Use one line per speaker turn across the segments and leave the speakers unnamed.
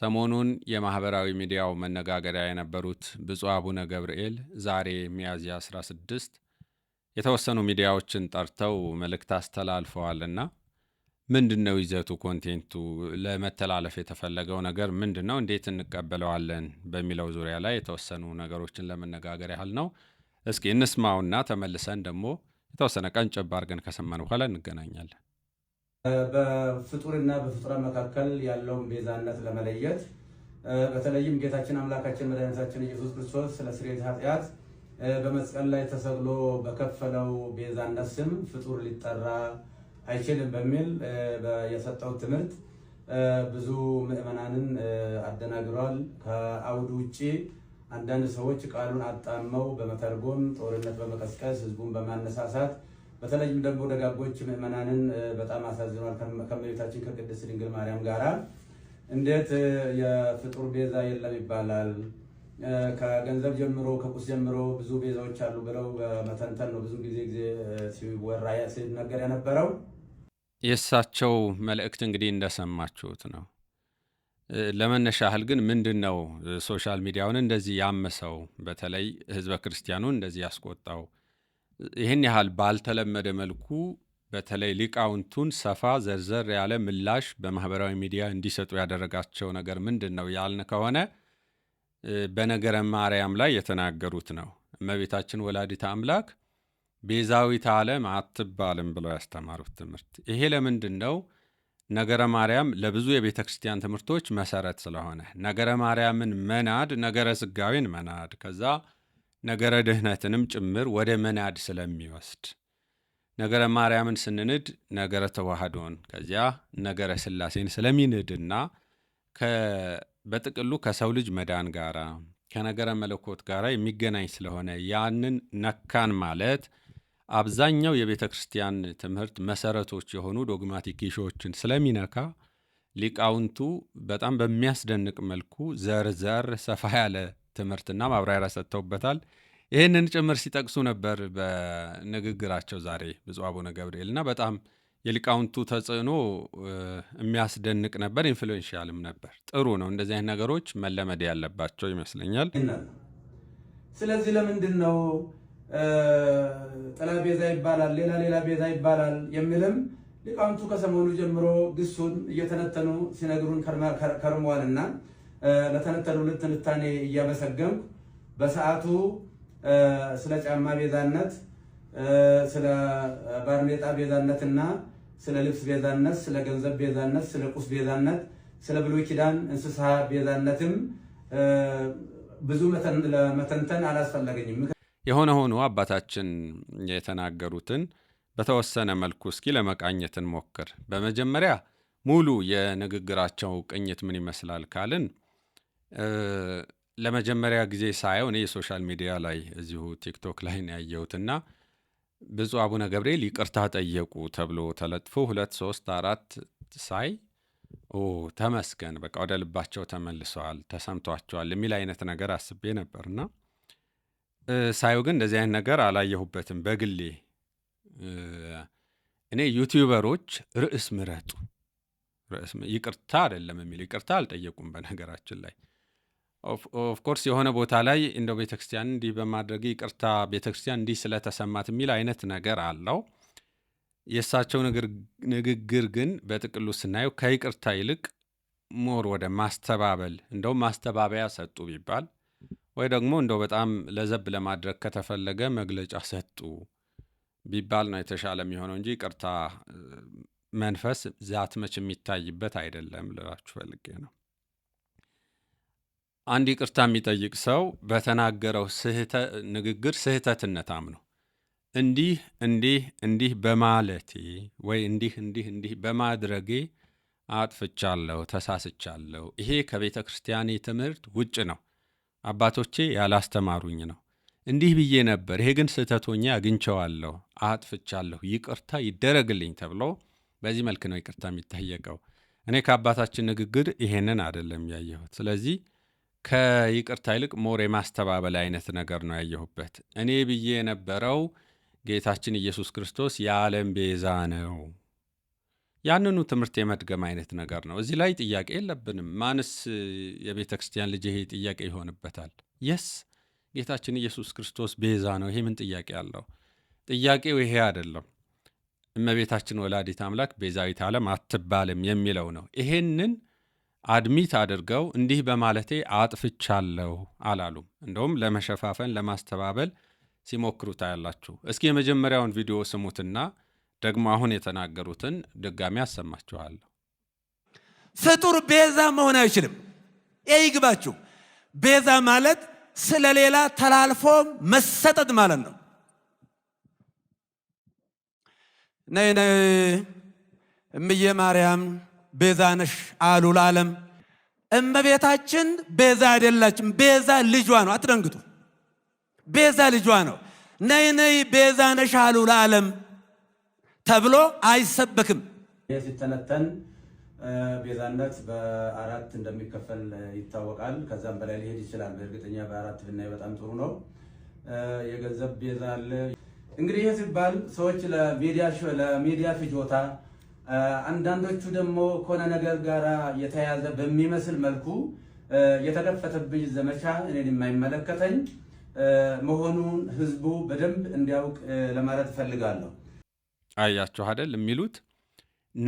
ሰሞኑን የማኅበራዊ ሚዲያው መነጋገሪያ የነበሩት ብፁዕ አቡነ ገብርኤል ዛሬ ሚያዝያ 16 የተወሰኑ ሚዲያዎችን ጠርተው መልእክት አስተላልፈዋልና ምንድን ነው ይዘቱ? ኮንቴንቱ ለመተላለፍ የተፈለገው ነገር ምንድን ነው? እንዴት እንቀበለዋለን? በሚለው ዙሪያ ላይ የተወሰኑ ነገሮችን ለመነጋገር ያህል ነው። እስኪ እንስማውና ተመልሰን ደግሞ የተወሰነ ቀን ጭብ አድርገን ከሰማን በኋላ እንገናኛለን።
በፍጡርና በፍጡራ መካከል ያለውን ቤዛነት ለመለየት በተለይም ጌታችን አምላካችን መድኃኒታችን ኢየሱስ ክርስቶስ ስለ ስርየት ኃጢአት በመስቀል ላይ ተሰቅሎ በከፈለው ቤዛነት ስም ፍጡር ሊጠራ አይችልም በሚል የሰጠው ትምህርት ብዙ ምዕመናንን አደናግሯል። ከአውዱ ውጭ አንዳንድ ሰዎች ቃሉን አጣመው በመተርጎም ጦርነት በመቀስቀስ ህዝቡን በማነሳሳት በተለይም ደግሞ ደጋጎች ምዕመናንን በጣም አሳዝኗል። ከመቤታችን ከቅድስት ድንግል ማርያም ጋራ እንዴት የፍጡር ቤዛ የለም ይባላል? ከገንዘብ ጀምሮ ከቁስ ጀምሮ ብዙ ቤዛዎች አሉ ብለው በመተንተን ነው ብዙ ጊዜ ጊዜ ሲወራ ሲነገር የነበረው።
የእሳቸው መልእክት እንግዲህ እንደሰማችሁት ነው። ለመነሻ ያህል ግን ምንድን ነው ሶሻል ሚዲያውን እንደዚህ ያመሰው፣ በተለይ ህዝበ ክርስቲያኑን እንደዚህ ያስቆጣው ይህን ያህል ባልተለመደ መልኩ በተለይ ሊቃውንቱን ሰፋ ዘርዘር ያለ ምላሽ በማህበራዊ ሚዲያ እንዲሰጡ ያደረጋቸው ነገር ምንድን ነው ያልን ከሆነ በነገረ ማርያም ላይ የተናገሩት ነው። እመቤታችን ወላዲት አምላክ ቤዛዊት ዓለም አትባልም ብለው ያስተማሩት ትምህርት ይሄ ለምንድን ነው? ነገረ ማርያም ለብዙ የቤተ ክርስቲያን ትምህርቶች መሰረት ስለሆነ ነገረ ማርያምን መናድ ነገረ ስጋዌን መናድ ከዛ ነገረ ድህነትንም ጭምር ወደ መናድ ስለሚወስድ ነገረ ማርያምን ስንንድ ነገረ ተዋህዶን ከዚያ ነገረ ስላሴን ስለሚንድና በጥቅሉ ከሰው ልጅ መዳን ጋራ ከነገረ መለኮት ጋር የሚገናኝ ስለሆነ ያንን ነካን ማለት አብዛኛው የቤተ ክርስቲያን ትምህርት መሰረቶች የሆኑ ዶግማቲክ ኪሾችን ስለሚነካ ሊቃውንቱ በጣም በሚያስደንቅ መልኩ ዘርዘር ሰፋ ያለ ትምህርትና ማብራሪያ ሰጥተውበታል። ይህንን ጭምር ሲጠቅሱ ነበር በንግግራቸው ዛሬ ብፁዕ አቡነ ገብርኤል እና በጣም የሊቃውንቱ ተጽዕኖ የሚያስደንቅ ነበር፣ ኢንፍሉዌንሻልም ነበር። ጥሩ ነው። እንደዚህ አይነት ነገሮች መለመድ ያለባቸው ይመስለኛል።
ስለዚህ ለምንድን ነው ጥላ ቤዛ ይባላል፣ ሌላ ሌላ ቤዛ ይባላል የሚልም ሊቃውንቱ ከሰሞኑ ጀምሮ ግሱን እየተነተኑ ሲነግሩን ከርሟልና ለተነተሉልን ትንታኔ እያመሰገንኩ በሰዓቱ ስለ ጫማ ቤዛነት፣ ስለ ባርኔጣ ቤዛነትና ስለ ልብስ ቤዛነት፣ ስለ ገንዘብ ቤዛነት፣ ስለ ቁስ ቤዛነት፣ ስለ ብሉይ ኪዳን እንስሳ ቤዛነትም ብዙ መተንተን አላስፈለገኝም።
የሆነ ሆኖ አባታችን የተናገሩትን በተወሰነ መልኩ እስኪ ለመቃኘት እንሞክር። በመጀመሪያ ሙሉ የንግግራቸው ቅኝት ምን ይመስላል ካልን ለመጀመሪያ ጊዜ ሳየው እኔ የሶሻል ሚዲያ ላይ እዚሁ ቲክቶክ ላይ ነው ያየሁትና አቡነ ገብርኤል ይቅርታ ጠየቁ ተብሎ ተለጥፎ ሁለት ሶስት አራት ሳይ ኦ ተመስገን፣ በቃ ወደ ልባቸው ተመልሰዋል ተሰምቷቸዋል የሚል አይነት ነገር አስቤ ነበርና ሳዩ ግን እንደዚህ አይነት ነገር አላየሁበትም። በግሌ እኔ ዩቲዩበሮች ርዕስ ምረጡ፣ ይቅርታ አይደለም የሚል ይቅርታ አልጠየቁም በነገራችን ላይ ኦፍኮርስ የሆነ ቦታ ላይ እንደው ቤተክርስቲያን እንዲህ በማድረግ ይቅርታ ቤተክርስቲያን እንዲህ ስለተሰማት የሚል አይነት ነገር አለው። የእሳቸው ንግግር ግን በጥቅሉ ስናየው ከይቅርታ ይልቅ ሞር ወደ ማስተባበል እንደው ማስተባበያ ሰጡ ቢባል ወይ ደግሞ እንደው በጣም ለዘብ ለማድረግ ከተፈለገ መግለጫ ሰጡ ቢባል ነው የተሻለ የሚሆነው እንጂ ይቅርታ መንፈስ ዛት መች የሚታይበት አይደለም ልላችሁ ፈልጌ ነው። አንድ ይቅርታ የሚጠይቅ ሰው በተናገረው ንግግር ስህተትነት አምኖ እንዲህ እንዲህ እንዲህ በማለቴ ወይ እንዲህ እንዲህ እንዲህ በማድረጌ አጥፍቻለሁ፣ ተሳስቻለሁ፣ ይሄ ከቤተ ክርስቲያኔ ትምህርት ውጭ ነው፣ አባቶቼ ያላስተማሩኝ ነው፣ እንዲህ ብዬ ነበር፣ ይሄ ግን ስህተቶኛ አግኝቸዋለሁ፣ አጥፍቻለሁ፣ ይቅርታ ይደረግልኝ ተብሎ በዚህ መልክ ነው ይቅርታ የሚጠየቀው። እኔ ከአባታችን ንግግር ይሄንን አይደለም ያየሁት። ስለዚህ ከይቅርታ ይልቅ ሞር የማስተባበል አይነት ነገር ነው ያየሁበት። እኔ ብዬ የነበረው ጌታችን ኢየሱስ ክርስቶስ የዓለም ቤዛ ነው፣ ያንኑ ትምህርት የመድገም አይነት ነገር ነው። እዚህ ላይ ጥያቄ የለብንም። ማንስ የቤተ ክርስቲያን ልጅ ይሄ ጥያቄ ይሆንበታል? የስ ጌታችን ኢየሱስ ክርስቶስ ቤዛ ነው። ይሄ ምን ጥያቄ አለው? ጥያቄው ይሄ አይደለም። እመቤታችን ወላዲት አምላክ ቤዛዊት ዓለም አትባልም የሚለው ነው። ይሄንን አድሚት አድርገው እንዲህ በማለቴ አጥፍቻለሁ አላሉም። እንደውም ለመሸፋፈን ለማስተባበል ሲሞክሩ ታያላችሁ። እስኪ የመጀመሪያውን ቪዲዮ ስሙትና ደግሞ አሁን የተናገሩትን ድጋሚ አሰማችኋለሁ። ፍጡር ቤዛ መሆን አይችልም። ይግባችሁ። ቤዛ ማለት ስለሌላ ተላልፎ መሰጠት ማለት ነው። ነይ ነይ እምዬ ማርያም ቤዛነሽ አሉ ለዓለም። እመቤታችን ቤዛ አይደላችም። ቤዛ ልጇ ነው። አትደንግጡ። ቤዛ ልጇ ነው። ነይ ነይ ቤዛ ነሽ አሉ ለዓለም ተብሎ አይሰበክም።
ይህ ሲተነተን ቤዛነት በአራት እንደሚከፈል ይታወቃል። ከዛም በላይ ሊሄድ ይችላል። በእርግጠኛ በአራት ብናይ በጣም ጥሩ ነው። የገንዘብ ቤዛ አለ። እንግዲህ ይህ ሲባል ሰዎች ለሚዲያ ፍጆታ አንዳንዶቹ ደግሞ ከሆነ ነገር ጋር የተያዘ በሚመስል መልኩ የተከፈተብኝ ዘመቻ እኔን የማይመለከተኝ መሆኑን ህዝቡ በደንብ እንዲያውቅ ለማለት እፈልጋለሁ።
አያችሁ አደል የሚሉት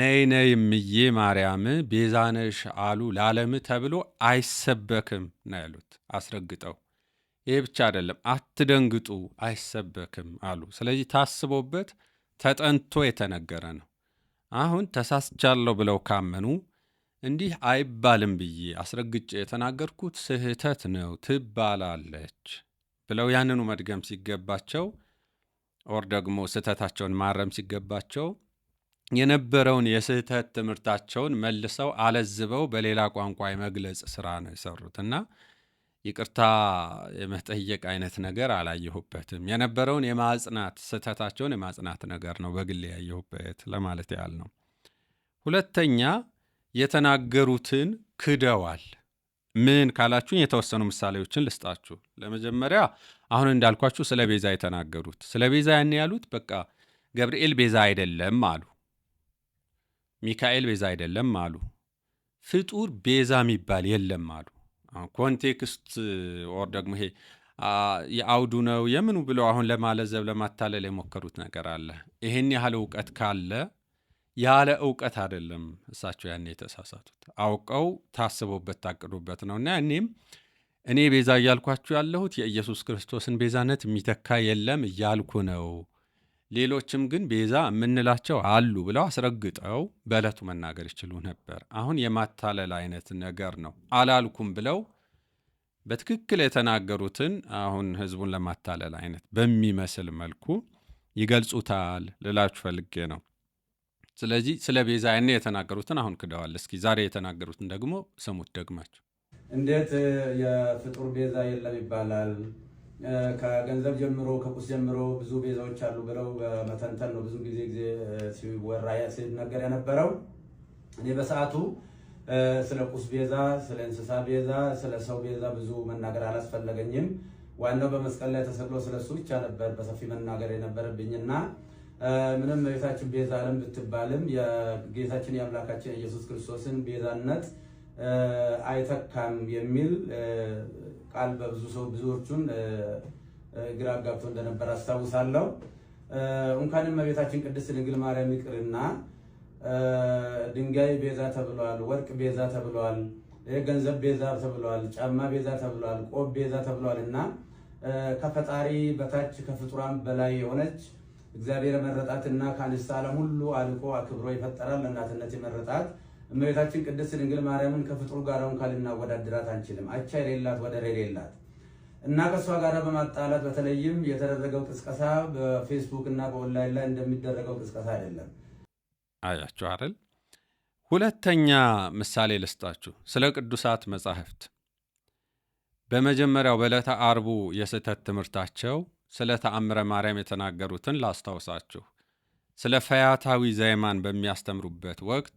ነይ ነይ ምዬ ማርያም ቤዛነሽ አሉ ላለም ተብሎ አይሰበክም ነው ያሉት አስረግጠው። ይሄ ብቻ አይደለም፣ አትደንግጡ አይሰበክም አሉ። ስለዚህ ታስቦበት ተጠንቶ የተነገረ ነው። አሁን ተሳስቻለሁ ብለው ካመኑ እንዲህ አይባልም ብዬ አስረግጬ የተናገርኩት ስህተት ነው ትባላለች ብለው ያንኑ መድገም ሲገባቸው ኦር ደግሞ ስህተታቸውን ማረም ሲገባቸው የነበረውን የስህተት ትምህርታቸውን መልሰው አለዝበው በሌላ ቋንቋ የመግለጽ ስራ ነው የሰሩትና። እና ይቅርታ የመጠየቅ አይነት ነገር አላየሁበትም። የነበረውን የማጽናት ስህተታቸውን የማጽናት ነገር ነው በግሌ ያየሁበት ለማለት ያህል ነው። ሁለተኛ የተናገሩትን ክደዋል። ምን ካላችሁኝ የተወሰኑ ምሳሌዎችን ልስጣችሁ። ለመጀመሪያ አሁን እንዳልኳችሁ ስለ ቤዛ የተናገሩት ስለ ቤዛ ያን ያሉት በቃ ገብርኤል ቤዛ አይደለም አሉ፣ ሚካኤል ቤዛ አይደለም አሉ፣ ፍጡር ቤዛ የሚባል የለም አሉ። ኮንቴክስት ኦር ደግሞ ይሄ የአውዱ ነው የምኑ ብለው አሁን ለማለዘብ ለማታለል የሞከሩት ነገር አለ። ይህን ያህል እውቀት ካለ ያለ እውቀት አይደለም እሳቸው ያን የተሳሳቱት አውቀው ታስቦበት ታቅዱበት ነው። እና እኔም እኔ ቤዛ እያልኳችሁ ያለሁት የኢየሱስ ክርስቶስን ቤዛነት የሚተካ የለም እያልኩ ነው ሌሎችም ግን ቤዛ የምንላቸው አሉ ብለው አስረግጠው በዕለቱ መናገር ይችሉ ነበር። አሁን የማታለል አይነት ነገር ነው። አላልኩም ብለው በትክክል የተናገሩትን አሁን ህዝቡን ለማታለል አይነት በሚመስል መልኩ ይገልጹታል ልላችሁ ፈልጌ ነው። ስለዚህ ስለ ቤዛ ያኔ የተናገሩትን አሁን ክደዋል። እስኪ ዛሬ የተናገሩትን ደግሞ ስሙት ደግማቸው።
እንዴት የፍጡር ቤዛ የለም ይባላል? ከገንዘብ ጀምሮ ከቁስ ጀምሮ ብዙ ቤዛዎች አሉ ብለው በመተንተን ነው ብዙ ጊዜ ጊዜ ሲወራ ሲነገር የነበረው። እኔ በሰዓቱ ስለ ቁስ ቤዛ፣ ስለ እንስሳ ቤዛ፣ ስለ ሰው ቤዛ ብዙ መናገር አላስፈለገኝም። ዋናው በመስቀል ላይ ተሰቅሎ እሱ ብቻ ነበር በሰፊ መናገር የነበረብኝና ምንም እመቤታችን ቤዛ ዓለም ብትባልም የጌታችን የአምላካችን ኢየሱስ ክርስቶስን ቤዛነት አይተካም የሚል ቃል በብዙ ሰው ብዙዎቹን ግራ አጋብቶ እንደነበር አስታውሳለሁ። እንኳን እመቤታችን ቅድስት ድንግል ማርያም ይቅርና ድንጋይ ቤዛ ተብሏል፣ ወርቅ ቤዛ ተብሏል፣ ገንዘብ ቤዛ ተብሏል፣ ጫማ ቤዛ ተብሏል፣ ቆብ ቤዛ ተብሏል እና ከፈጣሪ በታች ከፍጡራን በላይ የሆነች እግዚአብሔር መረጣትና ከአንስት ዓለም ሁሉ አልቆ አክብሮ ይፈጠራል ለእናትነት የመረጣት እመቤታችን ቅድስት ድንግል ማርያምን ከፍጥሩ ጋር እንኳን ልናወዳድራት አንችልም። አቻ የሌላት ወደር የሌላት እና ከእሷ ጋር በማጣላት በተለይም የተደረገው ቅስቀሳ በፌስቡክ እና በኦንላይን ላይ እንደሚደረገው ቅስቀሳ አይደለም።
አያችሁ አይደል? ሁለተኛ ምሳሌ ልስጣችሁ ስለ ቅዱሳት መጻሕፍት። በመጀመሪያው በዕለተ ዓርቡ የስህተት ትምህርታቸው ስለ ተአምረ ማርያም የተናገሩትን ላስታውሳችሁ። ስለ ፈያታዊ ዘይማን በሚያስተምሩበት ወቅት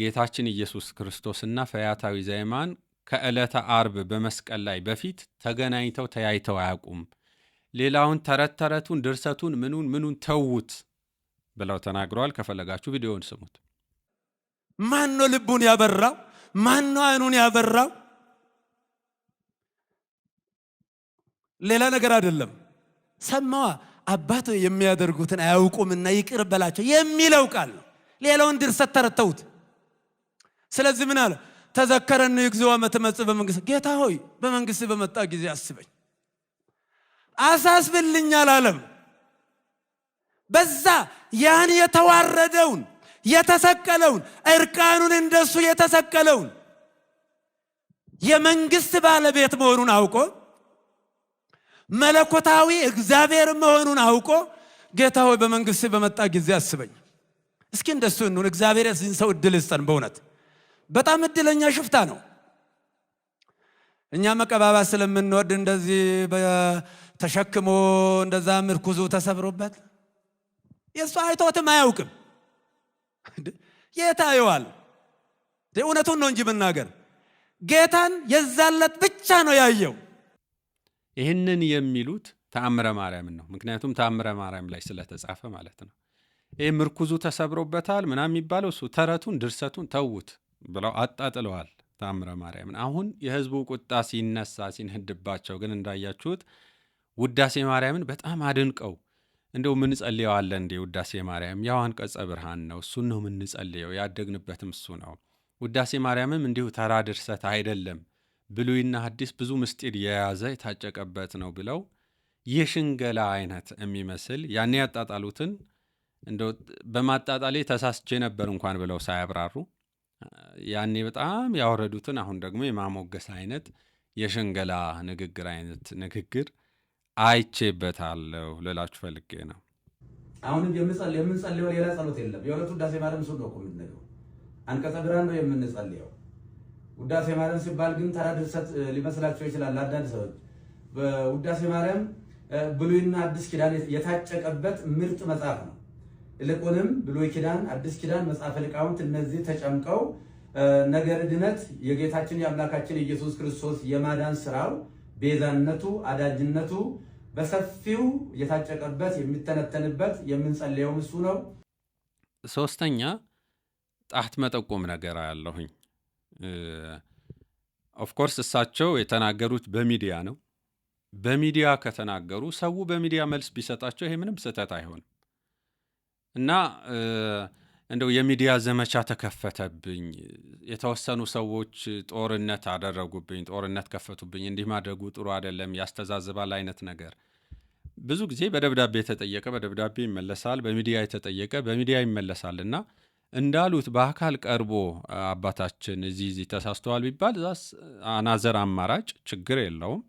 ጌታችን ኢየሱስ ክርስቶስና ፈያታዊ ዘይማን ከዕለተ አርብ በመስቀል ላይ በፊት ተገናኝተው ተያይተው አያውቁም። ሌላውን ተረት ተረቱን፣ ድርሰቱን፣ ምኑን ምኑን ተዉት ብለው ተናግረዋል። ከፈለጋችሁ ቪዲዮውን ስሙት። ማን ነው ልቡን ያበራው? ማን ነው አይኑን ያበራው? ሌላ ነገር አይደለም። ሰማዋ አባት የሚያደርጉትን አያውቁምና ይቅር በላቸው የሚለው ቃል ሌላውን ድርሰት ተረተውት ስለዚህ ምን አለ? ተዘከረኒ እግዚኦ መትመጽእ በመንግስት ጌታ ሆይ በመንግስት በመጣ ጊዜ አስበኝ አሳስብልኛል አላለም። በዛ ያን የተዋረደውን የተሰቀለውን እርቃኑን እንደሱ የተሰቀለውን የመንግስት ባለቤት መሆኑን አውቆ መለኮታዊ እግዚአብሔር መሆኑን አውቆ ጌታ ሆይ በመንግስት በመጣ ጊዜ አስበኝ። እስኪ እንደሱ እንሁን። እግዚአብሔር የዚህን ሰው እድል ይስጠን በእውነት በጣም እድለኛ ሽፍታ ነው። እኛ መቀባባት ስለምንወድ እንደዚህ ተሸክሞ እንደዛ ምርኩዙ ተሰብሮበት የእሱ አይቶትም አያውቅም። ጌታ ይዋል እውነቱን ነው እንጂ መናገር ጌታን የዛለት ብቻ ነው ያየው። ይህንን የሚሉት ተአምረ ማርያምን ነው። ምክንያቱም ተአምረ ማርያም ላይ ስለተጻፈ ማለት ነው። ይህ ምርኩዙ ተሰብሮበታል ምናም የሚባለው እሱ ተረቱን ድርሰቱን ተዉት። ብለው አጣጥለዋል ታምረ ማርያምን። አሁን የህዝቡ ቁጣ ሲነሳ ሲንህድባቸው ግን እንዳያችሁት ውዳሴ ማርያምን በጣም አድንቀው እንደው ምንጸልየዋለን እንዴ ውዳሴ ማርያም ያው አንቀጸ ብርሃን ነው፣ እሱን ነው ምንጸልየው፣ ያደግንበትም እሱ ነው። ውዳሴ ማርያምም እንዲሁ ተራ ድርሰት አይደለም፣ ብሉይና አዲስ ብዙ ምስጢር የያዘ የታጨቀበት ነው ብለው የሽንገላ አይነት የሚመስል ያኔ ያጣጣሉትን እንደው በማጣጣሌ ተሳስቼ ነበር እንኳን ብለው ሳያብራሩ ያኔ በጣም ያወረዱትን አሁን ደግሞ የማሞገስ አይነት የሽንገላ ንግግር አይነት ንግግር አይቼበታለሁ ልላችሁ ፈልጌ ነው።
አሁንም የምንጸልየው ሌላ ጸሎት የለም። የሁለት ውዳሴ ማርያም ሱ ነው እኮ የምንለው አንቀጸ ብርሃን ነው የምንጸልየው። ውዳሴ ማርያም ሲባል ግን ተራ ድርሰት ሊመስላቸው ይችላል አንዳንድ ሰዎች። ውዳሴ ማርያም ብሉይና አዲስ ኪዳን የታጨቀበት ምርጥ መጽሐፍ ነው። ይልቁንም ብሉይ ኪዳን፣ አዲስ ኪዳን፣ መጽሐፈ ሊቃውንት እነዚህ ተጨምቀው ነገረ ድነት የጌታችን የአምላካችን ኢየሱስ ክርስቶስ የማዳን ስራው ቤዛነቱ፣ አዳጅነቱ በሰፊው የታጨቀበት የሚተነተንበት የምንጸልየውም እሱ ነው።
ሶስተኛ ጣት መጠቆም ነገር አለሁኝ። ኦፍኮርስ እሳቸው የተናገሩት በሚዲያ ነው። በሚዲያ ከተናገሩ ሰው በሚዲያ መልስ ቢሰጣቸው ይሄ ምንም ስህተት አይሆንም። እና እንደው የሚዲያ ዘመቻ ተከፈተብኝ። የተወሰኑ ሰዎች ጦርነት አደረጉብኝ፣ ጦርነት ከፈቱብኝ። እንዲህ ማድረጉ ጥሩ አይደለም፣ ያስተዛዝባል አይነት ነገር ብዙ ጊዜ በደብዳቤ የተጠየቀ በደብዳቤ ይመለሳል፣ በሚዲያ የተጠየቀ በሚዲያ ይመለሳል። እና እንዳሉት በአካል ቀርቦ አባታችን እዚህ እዚህ ተሳስተዋል ቢባል ዛስ አናዘር አማራጭ ችግር የለውም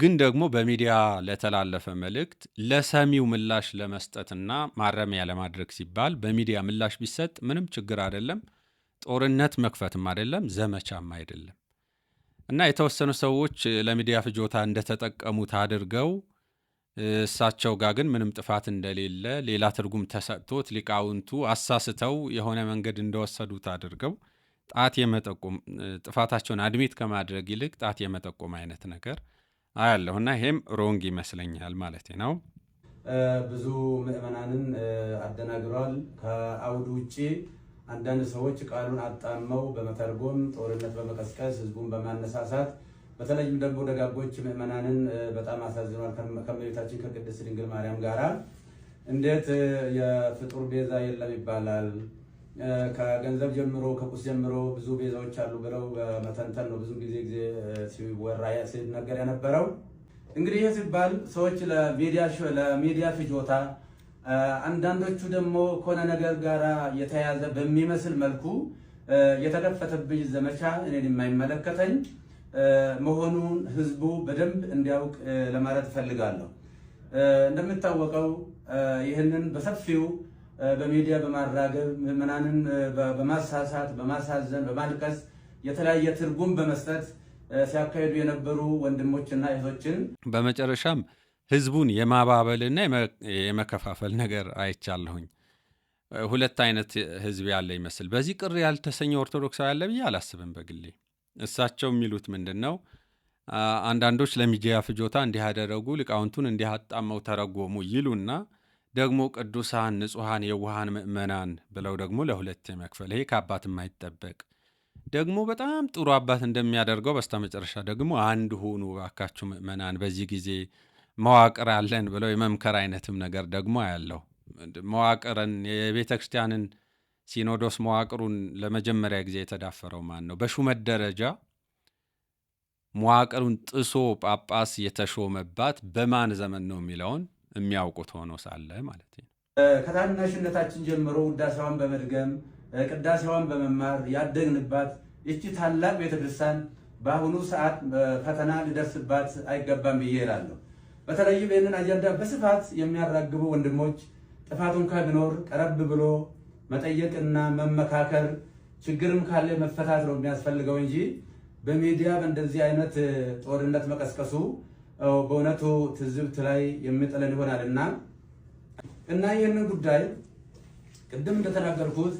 ግን ደግሞ በሚዲያ ለተላለፈ መልእክት ለሰሚው ምላሽ ለመስጠትና ማረሚያ ለማድረግ ሲባል በሚዲያ ምላሽ ቢሰጥ ምንም ችግር አይደለም። ጦርነት መክፈትም አይደለም፣ ዘመቻም አይደለም እና የተወሰኑ ሰዎች ለሚዲያ ፍጆታ እንደተጠቀሙት አድርገው እሳቸው ጋር ግን ምንም ጥፋት እንደሌለ ሌላ ትርጉም ተሰጥቶት ሊቃውንቱ አሳስተው የሆነ መንገድ እንደወሰዱት አድርገው ጣት የመጠቆም ጥፋታቸውን አድሜት ከማድረግ ይልቅ ጣት የመጠቆም አይነት ነገር አያለሁ እና ይሄም ሮንግ ይመስለኛል ማለት ነው።
ብዙ ምዕመናንን አደናግሯል። ከአውዱ ውጭ አንዳንድ ሰዎች ቃሉን አጣመው በመተርጎም ጦርነት በመቀስቀስ ህዝቡን በማነሳሳት በተለይም ደግሞ ደጋጎች ምዕመናንን በጣም አሳዝኗል። ከእመቤታችን ከቅድስት ድንግል ማርያም ጋራ እንዴት የፍጡር ቤዛ የለም ይባላል? ከገንዘብ ጀምሮ ከቁስ ጀምሮ ብዙ ቤዛዎች አሉ ብለው በመተንተን ነው ብዙ ጊዜ ጊዜ ሲወራ ሲነገር የነበረው። እንግዲህ ይህ ሲባል ሰዎች ለሚዲያ ፍጆታ፣ አንዳንዶቹ ደግሞ ከሆነ ነገር ጋር የተያዘ በሚመስል መልኩ የተከፈተብኝ ዘመቻ እኔን የማይመለከተኝ መሆኑን ህዝቡ በደንብ እንዲያውቅ ለማለት እፈልጋለሁ። እንደሚታወቀው ይህንን በሰፊው በሚዲያ በማራገብ ምዕመናንን በማሳሳት በማሳዘን በማልቀስ የተለያየ ትርጉም በመስጠት ሲያካሂዱ የነበሩ ወንድሞችና እህቶችን
በመጨረሻም ህዝቡን የማባበልና የመከፋፈል ነገር አይቻለሁኝ። ሁለት አይነት ህዝብ ያለ ይመስል በዚህ ቅር ያልተሰኘ ኦርቶዶክሳዊ ያለ ብዬ አላስብም በግሌ። እሳቸው የሚሉት ምንድን ነው? አንዳንዶች ለሚዲያ ፍጆታ እንዲህ ያደረጉ ሊቃውንቱን እንዲህ አጣመው ተረጎሙ ይሉና ደግሞ ቅዱሳን ንጹሐን የውሃን ምእመናን ብለው ደግሞ ለሁለት መክፈል ይሄ ከአባት የማይጠበቅ ደግሞ በጣም ጥሩ አባት እንደሚያደርገው በስተመጨረሻ ደግሞ አንድ ሁኑ እባካችሁ ምእመናን፣ በዚህ ጊዜ መዋቅር አለን ብለው የመምከር አይነትም ነገር ደግሞ ያለው መዋቅርን የቤተ ክርስቲያንን ሲኖዶስ መዋቅሩን ለመጀመሪያ ጊዜ የተዳፈረው ማን ነው? በሹመት ደረጃ መዋቅሩን ጥሶ ጳጳስ የተሾመባት በማን ዘመን ነው የሚለውን የሚያውቁት ሆኖ ሳለ ማለት ነው።
ከታናሽነታችን ጀምሮ ውዳሴዋን በመድገም ቅዳሴዋን በመማር ያደግንባት ይቺ ታላቅ ቤተክርስቲያን በአሁኑ ሰዓት ፈተና ሊደርስባት አይገባም ብዬ እላለሁ። በተለይም ይህንን አጀንዳ በስፋት የሚያራግቡ ወንድሞች ጥፋቱን ከቢኖር ቀረብ ብሎ መጠየቅና መመካከር፣ ችግርም ካለ መፈታት ነው የሚያስፈልገው እንጂ በሚዲያ በእንደዚህ አይነት ጦርነት መቀስቀሱ በእውነቱ ትዝብት ላይ የሚጥለን ይሆናል እና እና ይህንን ጉዳይ ቅድም እንደተናገርኩት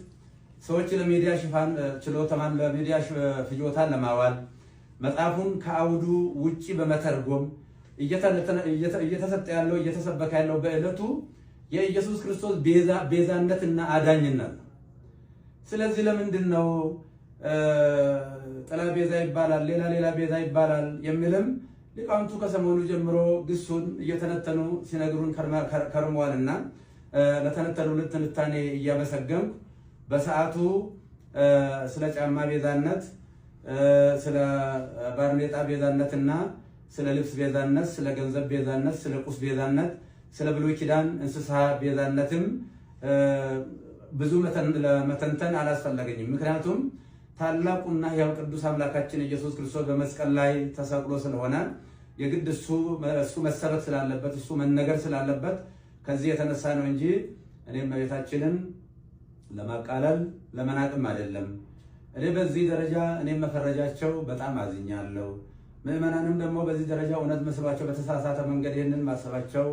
ሰዎች ለሚዲያ ሽፋን ችሎተማን ለሚዲያ ፍጆታን ለማዋል መጽሐፉን ከአውዱ ውጪ በመተርጎም እየተሰጠ ያለው እየተሰበከ ያለው በዕለቱ የኢየሱስ ክርስቶስ ቤዛነትና አዳኝነት ነው። ስለዚህ ለምንድን ነው ጥላ ቤዛ ይባላል፣ ሌላ ሌላ ቤዛ ይባላል የሚልም ሊቃውንቱ ከሰሞኑ ጀምሮ ግሱን እየተነተኑ ሲነግሩን ከርመዋልና ለተነተኑ ልትንታኔ እያመሰገንኩ በሰዓቱ ስለ ጫማ ቤዛነት፣ ስለ ባርኔጣ ቤዛነትና ስለ ልብስ ቤዛነት፣ ስለ ገንዘብ ቤዛነት፣ ስለ ቁስ ቤዛነት፣ ስለ ብሉይ ኪዳን እንስሳ ቤዛነትም ብዙ መተንተን አላስፈለገኝም። ምክንያቱም ታላቁና ያው ቅዱስ አምላካችን ኢየሱስ ክርስቶስ በመስቀል ላይ ተሰቅሎ ስለሆነ የግድ እሱ እሱ መሰረት ስላለበት እሱ መነገር ስላለበት ከዚህ የተነሳ ነው እንጂ እኔም መቤታችንን ለማቃለል ለመናቅም አይደለም። እኔ በዚህ ደረጃ እኔም መፈረጃቸው በጣም አዝኛለሁ። ምዕመናንም ደግሞ በዚህ ደረጃ እውነት መስሏቸው በተሳሳተ መንገድ ይህንን ማሰባቸው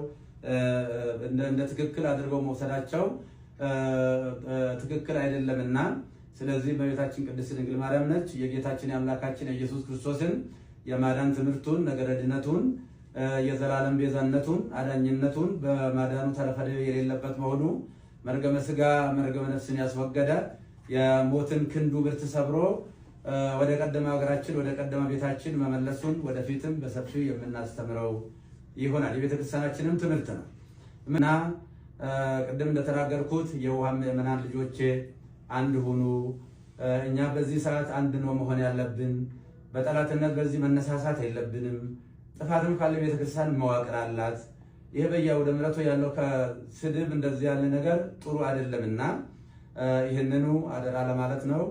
እንደ ትክክል አድርገው መውሰዳቸው ትክክል አይደለምና ስለዚህ እመቤታችን ቅድስት ድንግል ማርያም ነች የጌታችን የአምላካችን የኢየሱስ ክርስቶስን የማዳን ትምህርቱን ነገረድነቱን የዘላለም ቤዛነቱን አዳኝነቱን በማዳኑ ተረፈደ የሌለበት መሆኑ መርገመ ስጋ መርገመ ነፍስን ያስወገደ የሞትን ክንዱ ብርት ሰብሮ ወደ ቀደመ ሀገራችን ወደ ቀደመ ቤታችን መመለሱን ወደፊትም በሰፊው የምናስተምረው ይሆናል። የቤተክርስቲያናችንም ትምህርት ነው እና ቅድም እንደተናገርኩት የውሃ ምእመናን ልጆቼ አንድ ሁኑ። እኛ በዚህ ሰዓት አንድ ነው መሆን ያለብን። በጠላትነት በዚህ መነሳሳት የለብንም። ጥፋትም ካለ ቤተክርስቲያን መዋቅር አላት። ይሄ በየአውደ ምሕረቱ ያለው ከስድብ እንደዚህ ያለ ነገር ጥሩ አይደለምና ይህንኑ አደራ ለማለት ነው።